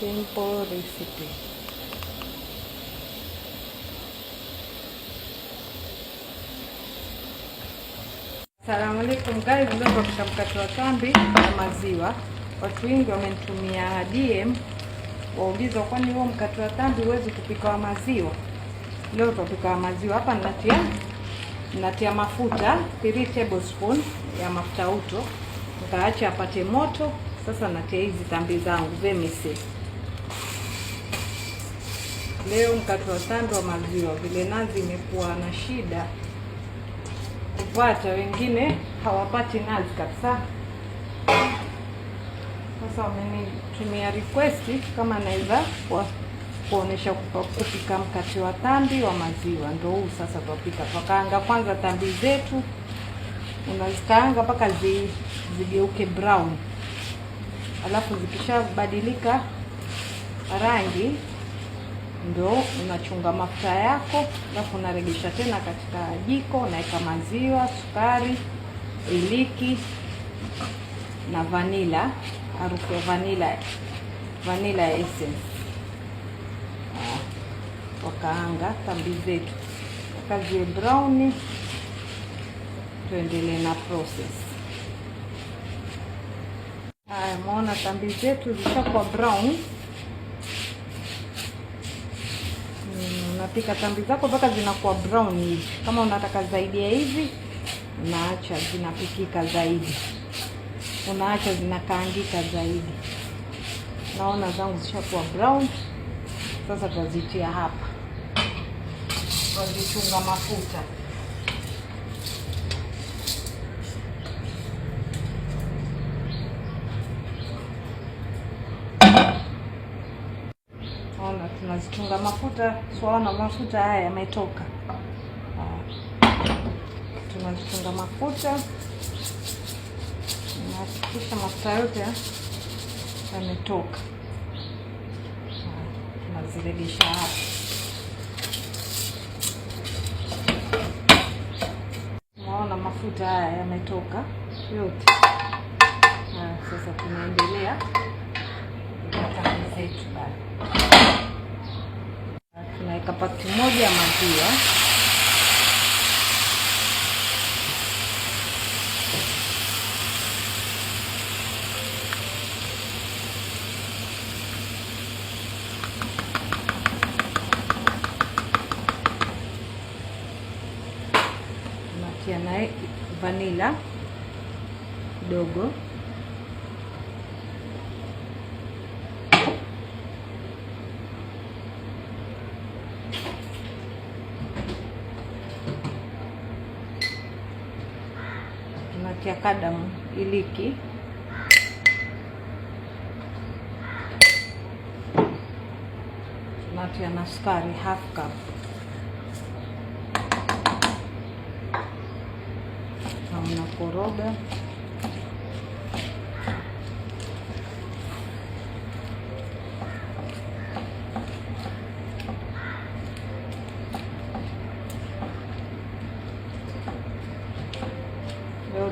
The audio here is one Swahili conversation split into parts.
simple recipe. Salamu alaikum guys, leo tutapisha mkate wa tambi na maziwa. Watu wengi wamenitumia DM wauliza, kwani huo mkate wa tambi huwezi kupika wa maziwa? Leo tutapika wa maziwa. Hapa ninatia natia mafuta 3 tablespoon ya mafuta uto, nikaacha apate moto. Sasa natia hizi tambi zangu vemese Leo mkate wa tando wa maziwa, vile nazi imekuwa na shida kupata, wengine hawapati nazi kabisa. Sasa wamenitumia request kama naweza kuonesha kupika mkate wa tambi wa maziwa. Ndio huu sasa Tupika tukaanga kwanza tambi zetu, unazikaanga mpaka zi, zigeuke brown, alafu zikishabadilika rangi ndio unachunga mafuta yako, alafu unaregesha tena katika jiko, unaweka maziwa, sukari, iliki na vanila, harufu ya vanila, vanila essence. Ah, wakaanga tambi zetu kazie brown, tuendelee na process. Haya, umeona tambi zetu zishakuwa brown. unapika tambi zako mpaka zinakuwa brown hivi. Kama unataka zaidi ya hivi, unaacha zinapikika zaidi, unaacha zinakaangika zaidi. Naona zangu zishakuwa brown, sasa tazitia hapa, tazichunga mafuta Ona tunazitunga mafuta, swaona mafuta haya yametoka. Ah, tunazitunga mafuta, nahakikisha mafuta yote yametoka, ah, tunaziregesha hapa. Naona mafuta haya yametoka yote. Ah, sasa tunaendelea na tango zetu bado kapati moja maziwa natia naye vanila kidogo ya kadamu iliki natia na sukari half cup na unakoroga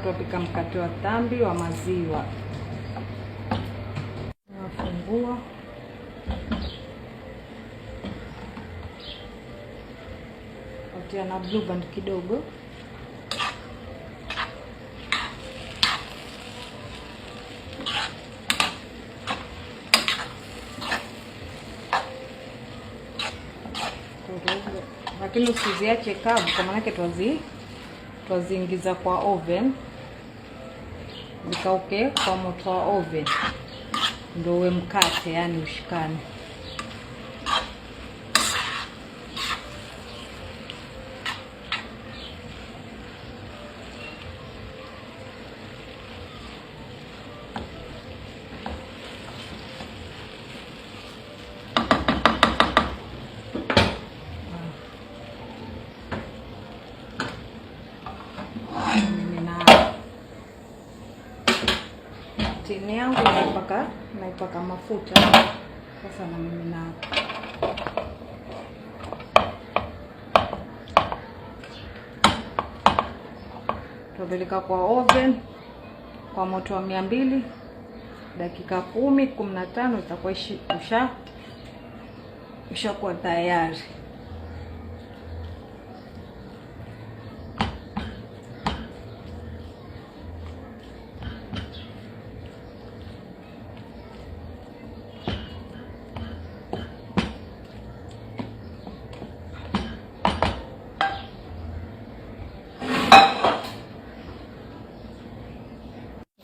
tutapika mkate wa tambi wa maziwa. Nafungua atia na blue band kidogo lakini usiziache kavu, kwa maanake twaziingiza kwa oven vikauke kwa moto wa oven ndio uwe mkate, yani ushikane. Jibini yangu naipaka naipaka mafuta sasa, na mimi na tupeleka kwa oven kwa moto wa mia mbili dakika kumi kumi na tano itakuwa ishakuwa tayari.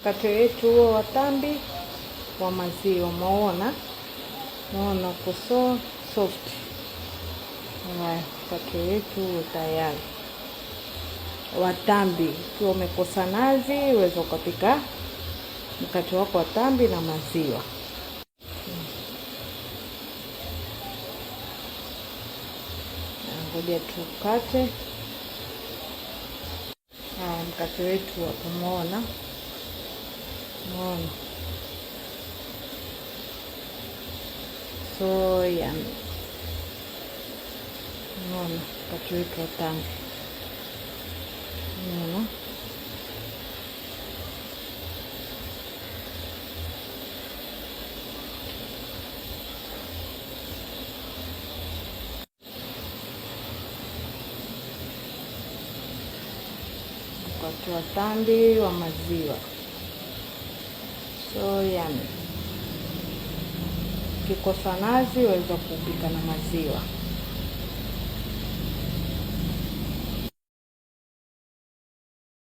mkate wetu huo wa tambi wa maziwa, maona maona uko so soft. Haya, mkate wetu huo tayari wa tambi. Ukiwa umekosa nazi, uweza ukapika mkate wako wa tambi na maziwa. Ngoja tukate. Haya, mkate wetu wa kumwona Soya. Unaona, katuweka tango. Unaona ukatoa tambi wa maziwa so yummy. Ukikosa nazi waweza kupika na maziwa.